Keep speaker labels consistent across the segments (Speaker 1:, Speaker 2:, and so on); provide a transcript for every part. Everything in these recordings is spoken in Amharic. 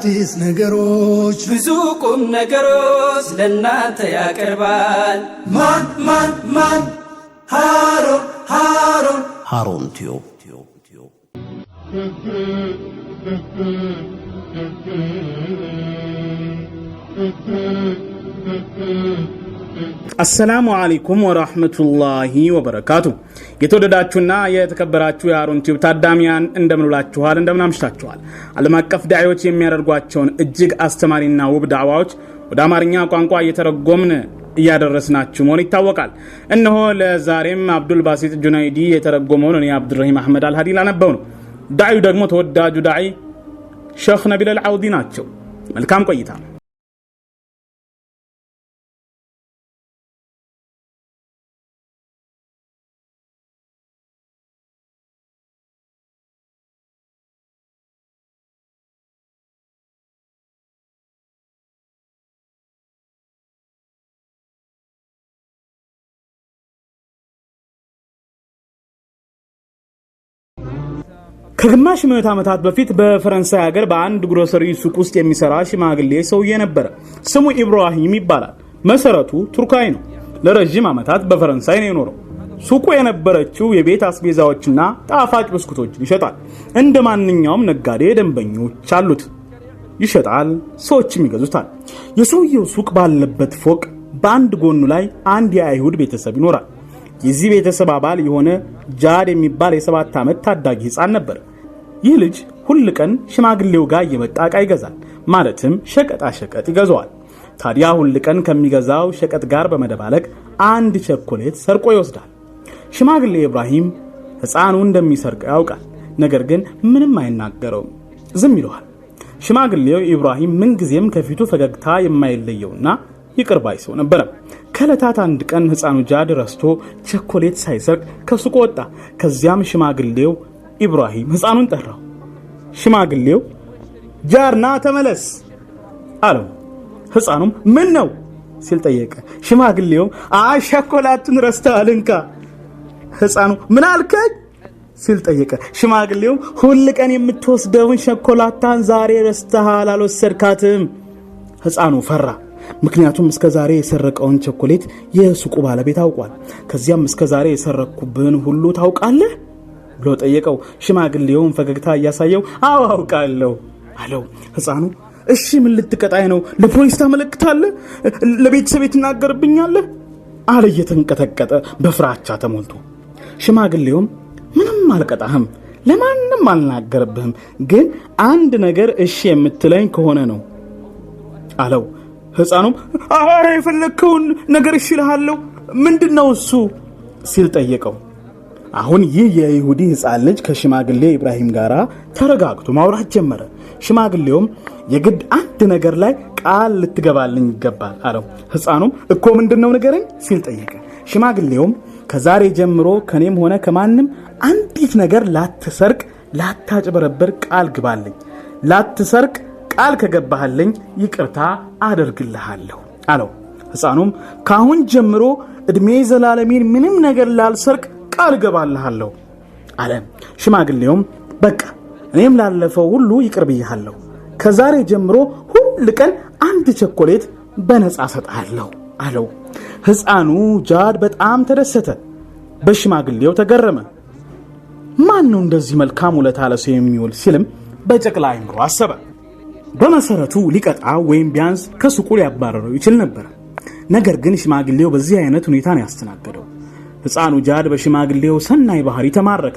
Speaker 1: አዳዲስ
Speaker 2: ነገሮች ብዙ ቁም ነገሮች ለእናንተ
Speaker 1: ያቀርባል። ማን ማን ማን ሃሩን
Speaker 3: ሃሩን ሃሩን ቲዩብ
Speaker 4: አሰላሙ አለይኩም ወራህመቱላሂ ወበረካቱ። የተወደዳችሁና የተከበራችሁ የአሮን ቲዩብ ታዳሚያን እንደምንውላችኋል፣ እንደምናምሽታችኋል። ዓለም አቀፍ ዳዒዎች የሚያደርጓቸውን እጅግ አስተማሪና ውብ ዳዕዋዎች ወደ አማርኛ ቋንቋ እየተረጎምን እያደረስናችሁ መሆን ይታወቃል። እነሆ ለዛሬም አብዱል ባሲጥ ጁናይዲ የተረጎመውን እኔ አብዱራሂም አህመድ አልሃዲ ላነበው ነው። ዳዩ ደግሞ ተወዳጁ ዳዒ ሸክ ነቢል አልዓውዲ ናቸው። መልካም ቆይታ። ከግማሽ ምዕት ዓመታት በፊት በፈረንሳይ ሀገር በአንድ ግሮሰሪ ሱቅ ውስጥ የሚሰራ ሽማግሌ ሰውዬ ነበረ። ስሙ ኢብራሂም ይባላል። መሰረቱ ቱርካዊ ነው። ለረዥም ዓመታት በፈረንሳይ ነው የኖረው። ሱቁ የነበረችው የቤት አስቤዛዎችና ጣፋጭ ብስኩቶችን ይሸጣል። እንደ ማንኛውም ነጋዴ ደንበኞች አሉት። ይሸጣል፣ ሰዎችም ይገዙታል። የሰውየው ሱቅ ባለበት ፎቅ በአንድ ጎኑ ላይ አንድ የአይሁድ ቤተሰብ ይኖራል። የዚህ ቤተሰብ አባል የሆነ ጃድ የሚባል የሰባት ዓመት ታዳጊ ሕፃን ነበር። ይህ ልጅ ሁል ቀን ሽማግሌው ጋር እየመጣ ዕቃ ይገዛል፣ ማለትም ሸቀጣ ሸቀጥ ይገዘዋል። ታዲያ ሁል ቀን ከሚገዛው ሸቀጥ ጋር በመደባለቅ አንድ ቸኮሌት ሰርቆ ይወስዳል። ሽማግሌ ኢብራሂም ሕፃኑ እንደሚሰርቀው ያውቃል፣ ነገር ግን ምንም አይናገረውም፣ ዝም ይለዋል። ሽማግሌው ኢብራሂም ምንጊዜም ከፊቱ ፈገግታ የማይለየውና ይቅር ባይ ሰው ነበረ። ከእለታት አንድ ቀን ሕፃኑ ጃድ ረስቶ ቸኮሌት ሳይሰርቅ ከሱቁ ወጣ። ከዚያም ሽማግሌው ኢብራሂም ህፃኑን ጠራው። ሽማግሌው ጃርና ተመለስ አለው። ሕፃኑም ምን ነው ሲል ጠየቀ። ሽማግሌውም አይ ሸኮላቱን ረስተሃል እንካ። ሕፃኑ ምን አልከኝ ሲል ጠየቀ። ሽማግሌውም ሁል ቀን የምትወስደውን ሸኮላታን ዛሬ ረስተሃል፣ አልወሰድካትም። ህፃኑ ፈራ። ምክንያቱም እስከ ዛሬ የሰረቀውን ቸኮሌት የሱቁ ባለቤት አውቋል። ከዚያም እስከ ዛሬ የሰረኩብን ሁሉ ታውቃለህ ብሎ ጠየቀው። ሽማግሌውም ፈገግታ እያሳየው አዎ አውቃለሁ አለው። ህፃኑ እሺ ምን ልትቀጣይ ነው? ለፖሊስ ታመለክታለህ? ለቤተሰብ ትናገርብኛለህ? አለ እየተንቀጠቀጠ በፍራቻ ተሞልቶ። ሽማግሌውም ምንም አልቀጣህም፣ ለማንም አልናገርብህም፣ ግን አንድ ነገር እሺ የምትለኝ ከሆነ ነው አለው። ህፃኑም አረ የፈለግከውን ነገር እሺ እልሃለሁ፣ ምንድን ነው እሱ ሲል ጠየቀው። አሁን ይህ የይሁዲ ሕፃን ልጅ ከሽማግሌ ኢብራሂም ጋር ተረጋግቶ ማውራት ጀመረ። ሽማግሌውም የግድ አንድ ነገር ላይ ቃል ልትገባልኝ ይገባል አለው። ሕፃኑም እኮ ምንድን ነው ንገረኝ ሲል ጠየቀ። ሽማግሌውም ከዛሬ ጀምሮ ከኔም ሆነ ከማንም አንዲት ነገር ላትሰርቅ፣ ላታጭበረበር ቃል ግባልኝ። ላትሰርቅ ቃል ከገባህልኝ ይቅርታ አደርግልሃለሁ አለው። ሕፃኑም ከአሁን ጀምሮ ዕድሜ ዘላለሜን ምንም ነገር ላልሰርቅ ቃል እገባልሃለሁ አለ። ሽማግሌውም በቃ እኔም ላለፈው ሁሉ ይቅር ብያሃለሁ፣ ከዛሬ ጀምሮ ሁል ቀን አንድ ቸኮሌት በነፃ ሰጥሃለሁ አለው። ሕፃኑ ጃድ በጣም ተደሰተ፣ በሽማግሌው ተገረመ። ማን ነው እንደዚህ መልካም ውለታ ለሰው የሚውል ሲልም በጨቅላ አይምሮ አሰበ። በመሰረቱ ሊቀጣው ወይም ቢያንስ ከሱቁ ሊያባረረው ይችል ነበር። ነገር ግን ሽማግሌው በዚህ አይነት ሁኔታ ነው ያስተናገደው። ሕፃኑ ጃድ በሽማግሌው ሰናይ ባህሪ ተማረከ።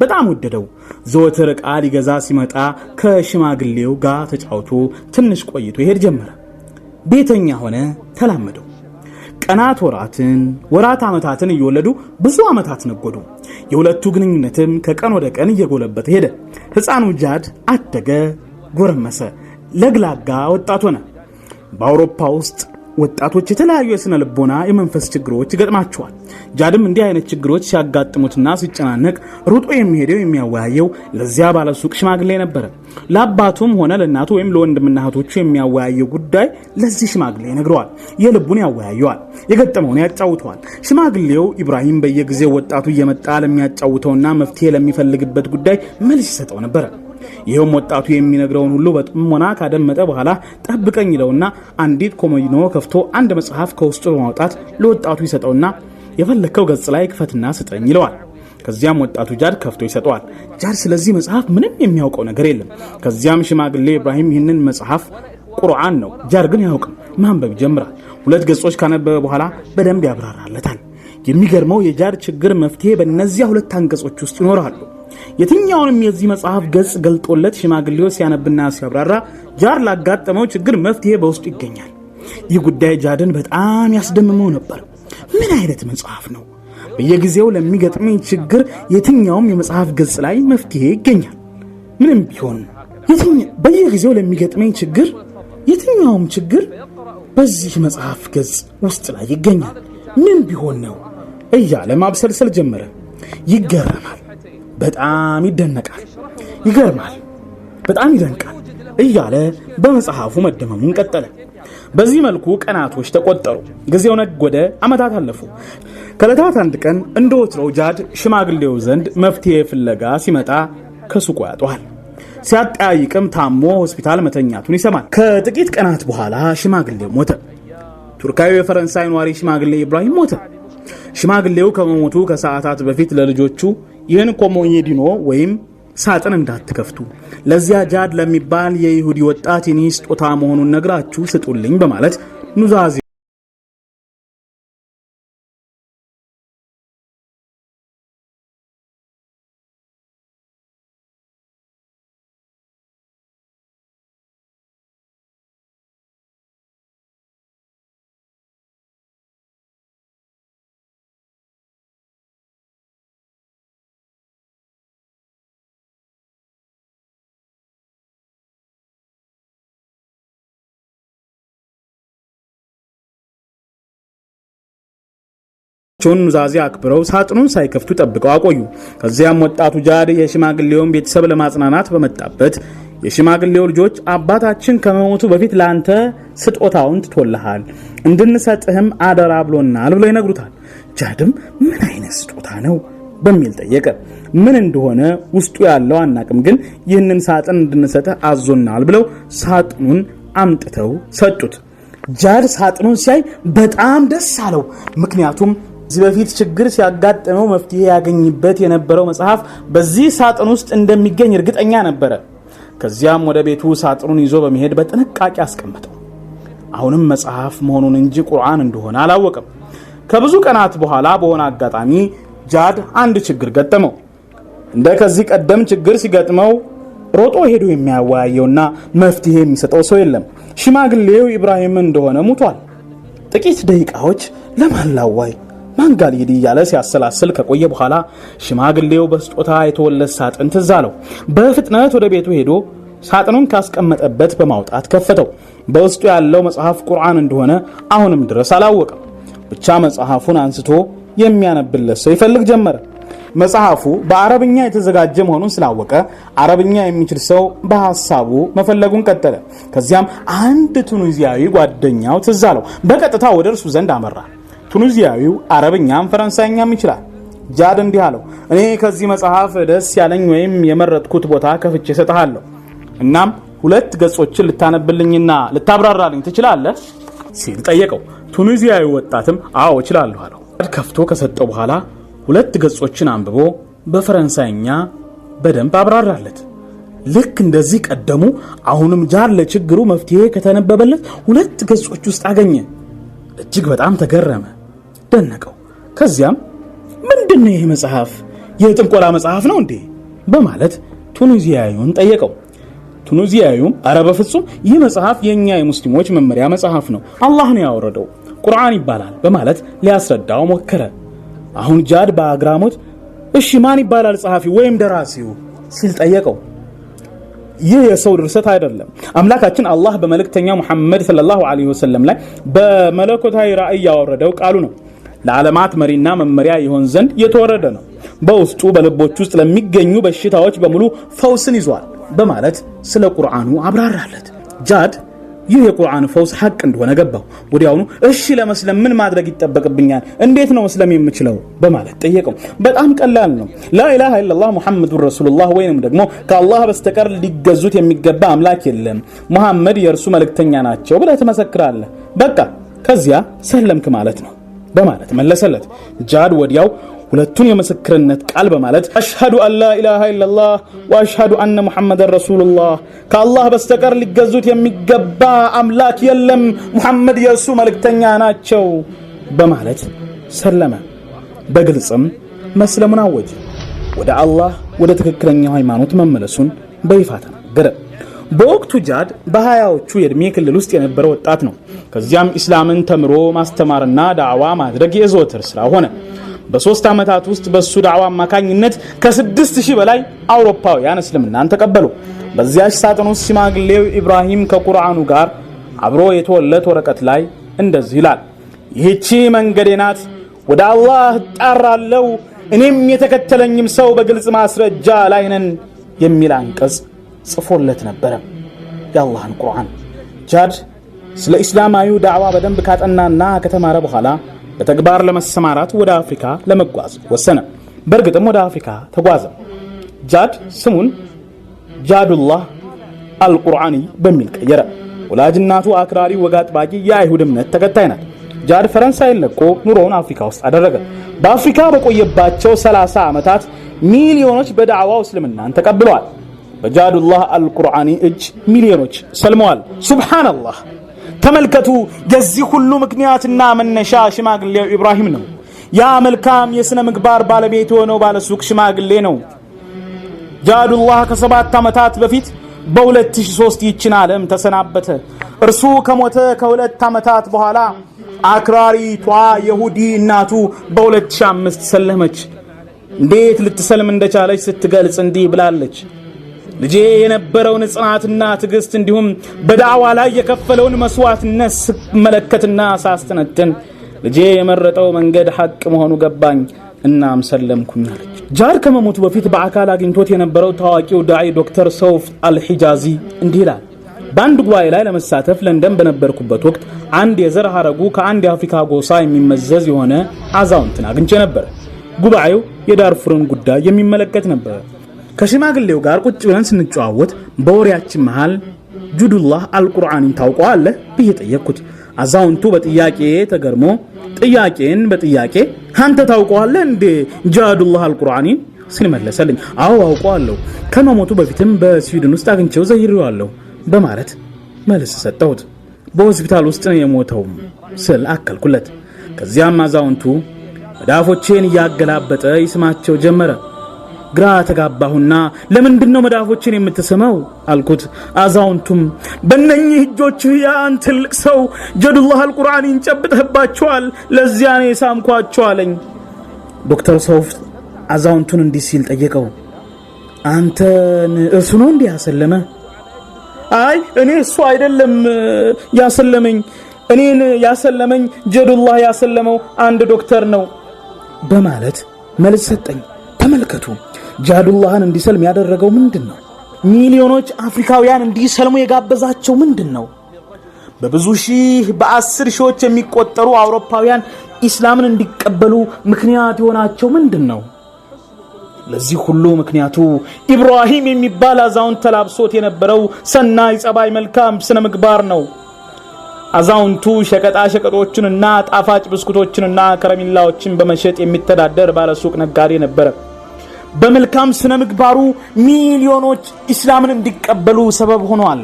Speaker 4: በጣም ወደደው። ዘወትር ዕቃ ሊገዛ ሲመጣ ከሽማግሌው ጋር ተጫውቶ ትንሽ ቆይቶ ይሄድ ጀመረ። ቤተኛ ሆነ፣ ተላመደው። ቀናት ወራትን፣ ወራት ዓመታትን እየወለዱ ብዙ ዓመታት ነጎዱ። የሁለቱ ግንኙነትም ከቀን ወደ ቀን እየጎለበተ ሄደ። ሕፃኑ ጃድ አደገ፣ ጎረመሰ፣ ለግላጋ ወጣት ሆነ። በአውሮፓ ውስጥ ወጣቶች የተለያዩ የስነ ልቦና የመንፈስ ችግሮች ይገጥማቸዋል። ጃድም እንዲህ አይነት ችግሮች ሲያጋጥሙትና ሲጨናነቅ ሩጦ የሚሄደው የሚያወያየው ለዚያ ባለሱቅ ሽማግሌ ነበረ። ለአባቱም ሆነ ለእናቱ ወይም ለወንድምና እህቶቹ የሚያወያየው ጉዳይ ለዚህ ሽማግሌ ነግረዋል። የልቡን ያወያየዋል፣ የገጠመውን ያጫውተዋል። ሽማግሌው ኢብራሂም በየጊዜው ወጣቱ እየመጣ ለሚያጫውተውና መፍትሄ ለሚፈልግበት ጉዳይ መልስ ይሰጠው ነበረ። ይኸውም ወጣቱ የሚነግረውን ሁሉ በጥሞና ካደመጠ በኋላ ጠብቀኝ ይለውና አንዲት ኮሞዲኖ ከፍቶ አንድ መጽሐፍ ከውስጡ በማውጣት ለወጣቱ ይሰጠውና የፈለግከው ገጽ ላይ ክፈትና ስጠኝ ይለዋል። ከዚያም ወጣቱ ጃድ ከፍቶ ይሰጠዋል። ጃድ ስለዚህ መጽሐፍ ምንም የሚያውቀው ነገር የለም። ከዚያም ሽማግሌ ኢብራሂም ይህንን መጽሐፍ ቁርአን ነው፣ ጃድ ግን አያውቅም። ማንበብ ይጀምራል። ሁለት ገጾች ካነበበ በኋላ በደንብ ያብራራለታል። የሚገርመው የጃድ ችግር መፍትሄ በእነዚያ ሁለት አንቀጾች ውስጥ ይኖራሉ። የትኛውንም የዚህ መጽሐፍ ገጽ ገልጦለት ሽማግሌዎች ሲያነብና ሲያብራራ ጃር ላጋጠመው ችግር መፍትሄ በውስጡ ይገኛል። ይህ ጉዳይ ጃድን በጣም ያስደምመው ነበር። ምን አይነት መጽሐፍ ነው? በየጊዜው ለሚገጥመኝ ችግር የትኛውም የመጽሐፍ ገጽ ላይ መፍትሄ ይገኛል። ምንም ቢሆን በየጊዜው ለሚገጥመኝ ችግር የትኛውም ችግር በዚህ መጽሐፍ ገጽ ውስጥ ላይ ይገኛል። ምን ቢሆን ነው እያለ ማብሰልሰል ጀመረ። ይገረማል። በጣም ይደነቃል፣ ይገርማል፣ በጣም ይደንቃል እያለ በመጽሐፉ መደመሙን ቀጠለ። በዚህ መልኩ ቀናቶች ተቆጠሩ፣ ጊዜው ነጎደ፣ ዓመታት አለፉ። ከዕለታት አንድ ቀን እንደ ወትሮው ጃድ ሽማግሌው ዘንድ መፍትሄ ፍለጋ ሲመጣ ከሱቁ ያጠዋል። ሲያጠያይቅም ታሞ ሆስፒታል መተኛቱን ይሰማል። ከጥቂት ቀናት በኋላ ሽማግሌው ሞተ። ቱርካዊ የፈረንሳይ ነዋሪ ሽማግሌ ኢብራሂም ሞተ። ሽማግሌው ከመሞቱ ከሰዓታት በፊት ለልጆቹ ይህን ኮሞዬዲኖ ወይም ሳጥን እንዳትከፍቱ፣ ለዚያ ጃድ ለሚባል የይሁዲ ወጣት የኔ ስጦታ መሆኑን ነግራችሁ ስጡልኝ በማለት ኑዛዜ ቸውን ኑዛዜ አክብረው ሳጥኑን ሳይከፍቱ ጠብቀው አቆዩ። ከዚያም ወጣቱ ጃድ የሽማግሌውን ቤተሰብ ለማጽናናት በመጣበት የሽማግሌው ልጆች አባታችን ከመሞቱ በፊት ለአንተ ስጦታውን ትቶልሃል እንድንሰጥህም አደራ ብሎናል ብሎ ይነግሩታል። ጃድም ምን አይነት ስጦታ ነው በሚል ጠየቀ። ምን እንደሆነ ውስጡ ያለው አናቅም፣ ግን ይህንን ሳጥን እንድንሰጥህ አዞናል ብለው ሳጥኑን አምጥተው ሰጡት። ጃድ ሳጥኑን ሲያይ በጣም ደስ አለው። ምክንያቱም ከዚህ በፊት ችግር ሲያጋጥመው መፍትሄ ያገኝበት የነበረው መጽሐፍ በዚህ ሳጥን ውስጥ እንደሚገኝ እርግጠኛ ነበረ። ከዚያም ወደ ቤቱ ሳጥኑን ይዞ በመሄድ በጥንቃቄ አስቀመጠው። አሁንም መጽሐፍ መሆኑን እንጂ ቁርአን እንደሆነ አላወቀም። ከብዙ ቀናት በኋላ በሆነ አጋጣሚ ጃድ አንድ ችግር ገጠመው። እንደ ከዚህ ቀደም ችግር ሲገጥመው ሮጦ ሄዶ የሚያወያየውና መፍትሄ የሚሰጠው ሰው የለም። ሽማግሌው ኢብራሂም እንደሆነ ሙቷል። ጥቂት ደቂቃዎች ለማላዋይ ማን ጋር ልሂድ እያለ ሲያሰላስል ከቆየ በኋላ ሽማግሌው በስጦታ የተወለደ ሳጥን ትዝ አለው። በፍጥነት ወደ ቤቱ ሄዶ ሳጥኑን ካስቀመጠበት በማውጣት ከፈተው። በውስጡ ያለው መጽሐፍ ቁርአን እንደሆነ አሁንም ድረስ አላወቀም። ብቻ መጽሐፉን አንስቶ የሚያነብለት ሰው ይፈልግ ጀመረ። መጽሐፉ በአረብኛ የተዘጋጀ መሆኑን ስላወቀ አረብኛ የሚችል ሰው በሀሳቡ መፈለጉን ቀጠለ። ከዚያም አንድ ቱኒዚያዊ ጓደኛው ትዝ አለው። በቀጥታ ወደ እርሱ ዘንድ አመራ። ቱኒዚያዊው አረብኛም ፈረንሳይኛም ይችላል። ጃድ እንዲህ አለው፣ እኔ ከዚህ መጽሐፍ ደስ ያለኝ ወይም የመረጥኩት ቦታ ከፍቼ እሰጥሃለሁ። እናም ሁለት ገጾችን ልታነብልኝና ልታብራራልኝ ትችላለህ? ሲል ጠየቀው። ቱኒዚያዊ ወጣትም አዎ እችላለሁ አለው። ጃድ ከፍቶ ከሰጠው በኋላ ሁለት ገጾችን አንብቦ በፈረንሳይኛ በደንብ አብራራለት። ልክ እንደዚህ ቀደሙ። አሁንም ጃድ ለችግሩ መፍትሄ ከተነበበለት ሁለት ገጾች ውስጥ አገኘ። እጅግ በጣም ተገረመ። ደነቀው። ከዚያም ምንድን ነው ይህ መጽሐፍ? የጥንቆላ መጽሐፍ ነው እንዴ? በማለት ቱኒዚያዩን ጠየቀው። ቱኒዚያዩም አረ በፍጹም ይህ መጽሐፍ የእኛ የሙስሊሞች መመሪያ መጽሐፍ ነው፣ አላህ ነው ያወረደው፣ ቁርአን ይባላል በማለት ሊያስረዳው ሞከረ። አሁን ጃድ በአግራሞት እሺ ማን ይባላል ጸሐፊው ወይም ደራሲው ሲል ጠየቀው። ይህ የሰው ድርሰት አይደለም። አምላካችን አላህ በመልእክተኛ ሙሐመድ ሰለላሁ ዐለይሂ ወሰለም ላይ በመለኮታዊ ራእይ ያወረደው ቃሉ ነው። ለዓለማት መሪና መመሪያ ይሆን ዘንድ የተወረደ ነው። በውስጡ በልቦች ውስጥ ለሚገኙ በሽታዎች በሙሉ ፈውስን ይዟል በማለት ስለ ቁርአኑ አብራራለት። ጃድ ይህ የቁርአን ፈውስ ሐቅ እንደሆነ ገባው። ወዲያውኑ እሺ ለመስለም ምን ማድረግ ይጠበቅብኛል? እንዴት ነው መስለም የምችለው? በማለት ጠየቀው። በጣም ቀላል ነው። ላኢላሃ ኢላላህ ሙሐመዱን ረሱሉላህ ወይንም ደግሞ ከአላህ በስተቀር ሊገዙት የሚገባ አምላክ የለም፣ ሙሐመድ የእርሱ መልእክተኛ ናቸው ብለህ ትመሰክራለህ። በቃ ከዚያ ሰለምክ ማለት ነው። በማለት መለሰለት። ጃድ ወዲያው ሁለቱን የምስክርነት ቃል በማለት አሽሃዱ አላ ኢላሃ ኢለላህ ወአሽሃዱ አነ ሙሐመደን ረሱሉላህ ከአላህ በስተቀር ሊገዙት የሚገባ አምላክ የለም፣ ሙሐመድ የእሱ መልእክተኛ ናቸው በማለት ሰለመ። በግልጽም መስለሙን አወጀ። ወደ አላህ ወደ ትክክለኛው ሃይማኖት መመለሱን በይፋ ተናገረ። በወቅቱ ጃድ በሀያዎቹ የእድሜ ክልል ውስጥ የነበረ ወጣት ነው። ከዚያም ኢስላምን ተምሮ ማስተማርና ዳዕዋ ማድረግ የዘወትር ስራ ሆነ። በሶስት ዓመታት ውስጥ በሱ ዳዕዋ አማካኝነት ከስድስት ሺህ በላይ አውሮፓውያን እስልምናን ተቀበሉ። በዚያች ሳጥን ውስጥ ሽማግሌው ኢብራሂም ከቁርአኑ ጋር አብሮ የተወለት ወረቀት ላይ እንደዚህ ይላል፣ ይህቺ መንገዴ ናት፣ ወደ አላህ እጣራለሁ፣ እኔም የተከተለኝም ሰው በግልጽ ማስረጃ ላይ ነን የሚል አንቀጽ ጽፎለት ነበረ። የአላህን ቁርአን ጃድ ስለ ኢስላማዊ ዳዕዋ በደንብ ካጠናና ከተማረ በኋላ በተግባር ለመሰማራት ወደ አፍሪካ ለመጓዝ ወሰነ። በእርግጥም ወደ አፍሪካ ተጓዘ። ጃድ ስሙን ጃዱላህ አልቁርአኒ በሚል ቀየረ። ወላጅናቱ እናቱ አክራሪ ወግ አጥባቂ የአይሁድ እምነት ተከታይ ናት። ጃድ ፈረንሳይን ለቆ ኑሮውን አፍሪካ ውስጥ አደረገ። በአፍሪካ በቆየባቸው 30 ዓመታት ሚሊዮኖች በዳዕዋው እስልምናን ተቀብለዋል። በጃዱላህ አልቁርአኒ እጅ ሚሊዮኖች ሰልመዋል። ሱብሓነላህ ተመልከቱ። የዚህ ሁሉ ምክንያትና መነሻ ሽማግሌው ኢብራሂም ነው። ያ መልካም የሥነ ምግባር ባለቤት የሆነው ባለሱቅ ሽማግሌ ነው። ጃዱላህ ከሰባት ዓመታት በፊት በ2003 ይችን ዓለም ተሰናበተ። እርሱ ከሞተ ከሁለት ዓመታት በኋላ አክራሪቷ የሁዲ እናቱ በ2005 ሰለመች። እንዴት ልትሰልም እንደቻለች ስትገልጽ እንዲህ ብላለች። ልጄ የነበረውን ጽናትና ትዕግስት እንዲሁም በዳዋ ላይ የከፈለውን መስዋዕትነት ስመለከትና ሳስተነትን ልጄ የመረጠው መንገድ ሐቅ መሆኑ ገባኝ። እናም ሰለምኩኝ አለች። ጃር ከመሞቱ በፊት በአካል አግኝቶት የነበረው ታዋቂው ዳዒ ዶክተር ሰውፍ አልሒጃዚ እንዲህ ይላል። በአንድ ጉባኤ ላይ ለመሳተፍ ለንደን በነበርኩበት ወቅት አንድ የዘር ሐረጉ ከአንድ የአፍሪካ ጎሳ የሚመዘዝ የሆነ አዛውንትን አግኝቼ ነበር። ጉባኤው የዳርፉርን ጉዳይ የሚመለከት ነበር። ከሽማግሌው ጋር ቁጭ ብለን ስንጨዋወት በወሬያችን መሃል ጁዱላህ አልቁርአንን ታውቀዋለህ ብዬ ጠየቅኩት። አዛውንቱ በጥያቄ ተገርሞ ጥያቄን በጥያቄ አንተ ታውቀዋለህ እንዴ ጃዱላህ አልቁርአኒን ሲል መለሰልኝ። አዎ አውቀዋለሁ፣ ከመሞቱ በፊትም በስዊድን ውስጥ አግኝቼው ዘይሬዋለሁ በማለት መልስ ሰጠሁት። በሆስፒታል ውስጥ ነው የሞተውም ስል አከልኩለት። ከዚያም አዛውንቱ መዳፎቼን እያገላበጠ ይስማቸው ጀመረ። ግራ ተጋባሁና ለምንድን ነው መዳፎችን የምትስመው አልኩት። አዛውንቱም በነኚህ እጆችህ ያን ትልቅ ሰው ጀዱላህ አልቁርአን ይንጨብጠህባቸዋል፣ ለዚያ ነው የሳምኳቸው አለኝ። ዶክተር ሰውፍ አዛውንቱን እንዲህ ሲል ጠየቀው፣ አንተን እርሱ ነው እንዲህ ያሰለመ? አይ እኔ እሱ አይደለም ያሰለመኝ፣ እኔን ያሰለመኝ ጀዱላህ ያሰለመው አንድ ዶክተር ነው በማለት መልስ ሰጠኝ። ተመልከቱ። ጃዱላህን እንዲሰልም ያደረገው ምንድን ነው? ሚሊዮኖች አፍሪካውያን እንዲሰልሙ የጋበዛቸው ምንድን ነው? በብዙ ሺህ በአስር ሺዎች የሚቆጠሩ አውሮፓውያን ኢስላምን እንዲቀበሉ ምክንያት የሆናቸው ምንድን ነው? ለዚህ ሁሉ ምክንያቱ ኢብራሂም የሚባል አዛውንት ተላብሶት የነበረው ሰናይ ጸባይ፣ መልካም ስነ ምግባር ነው። አዛውንቱ ሸቀጣ ሸቀጦችንና ጣፋጭ ብስኩቶችንና ከረሚላዎችን በመሸጥ የሚተዳደር ባለሱቅ ነጋዴ ነበረ። በመልካም ስነ ምግባሩ ሚሊዮኖች ኢስላምን እንዲቀበሉ ሰበብ ሆኗል።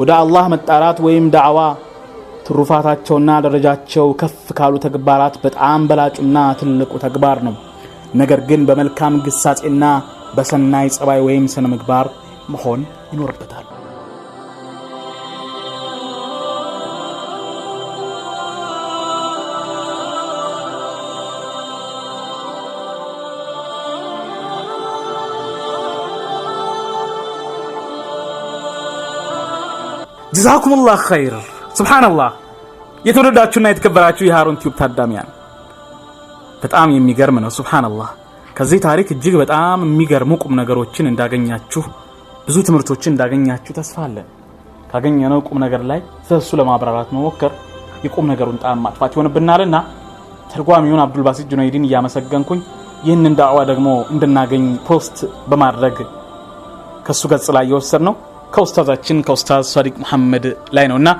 Speaker 4: ወደ አላህ መጣራት ወይም ዳዕዋ ትሩፋታቸውና ደረጃቸው ከፍ ካሉ ተግባራት በጣም በላጩና ትልቁ ተግባር ነው። ነገር ግን በመልካም ግሳጼና በሰናይ ጸባይ ወይም ስነ ምግባር መሆን ይኖርበታል። ጀዛኩሙላህ ኸይር። ሱብሓነላህ። የተወደዳችሁና የተከበራችሁ የሃሩን ቲዩብ ታዳሚያን በጣም የሚገርም ነው። ሱብሓነላህ። ከዚህ ታሪክ እጅግ በጣም የሚገርሙ ቁም ነገሮችን እንዳገኛችሁ፣ ብዙ ትምህርቶችን እንዳገኛችሁ ተስፋ አለን። ካገኘነው ቁም ነገር ላይ ስለሱ ለማብራራት መሞከር የቁም ነገሩን ጣም ማጥፋት ይሆንብናልና ተርጓሚውን አብዱልባሲት ጁነይዲን እያመሰገንኩኝ ይህንን ዳዕዋ ደግሞ እንድናገኝ ፖስት በማድረግ ከሱ ገጽ ላይ የወሰድ ነው ከኡስታዛችን ከኡስታዝ ሷዲቅ መሐመድ ላይ ነውና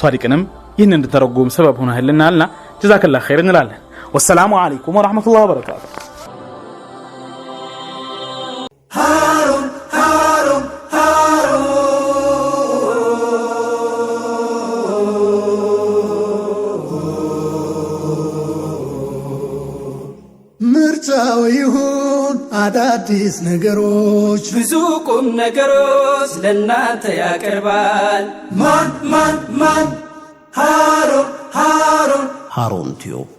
Speaker 4: ሷዲቅንም ይህን እንድተረጉም ሰበብ ሆነህልናልና ጀዛከላ ኸይር እንላለን። ወሰላሙ አለይኩም ወረሕመቱላህ ወበረካቱ አዳዲስ ነገሮች ብዙ ቁም ነገሮች ለእናንተ ያቀርባል። ማን ማን ማን ሃሩን ሃሩን ሃሩን ቲዩብ